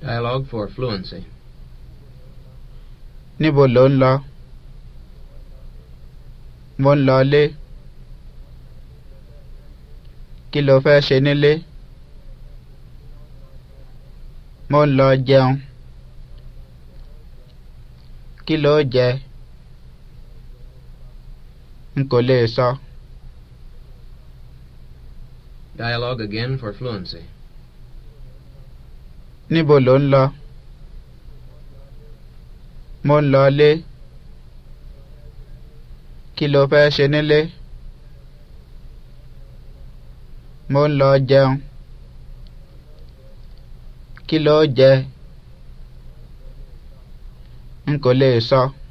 Dialogue for fluency. Níbo lò ń lọ? Mo ń lọ ilé. Kí lo fẹ́ ṣe nílé? Mo ń lọ jẹun. Kí lo jẹ? la. Mon mo n lo ile ki lè sọ. Dialogue again for fluency. níbo ló ń lọ mo ń lọ lé kí ló fẹ́ ṣe nílé mo ń lọ jẹun kí ló jẹ n kò lè sọ. So.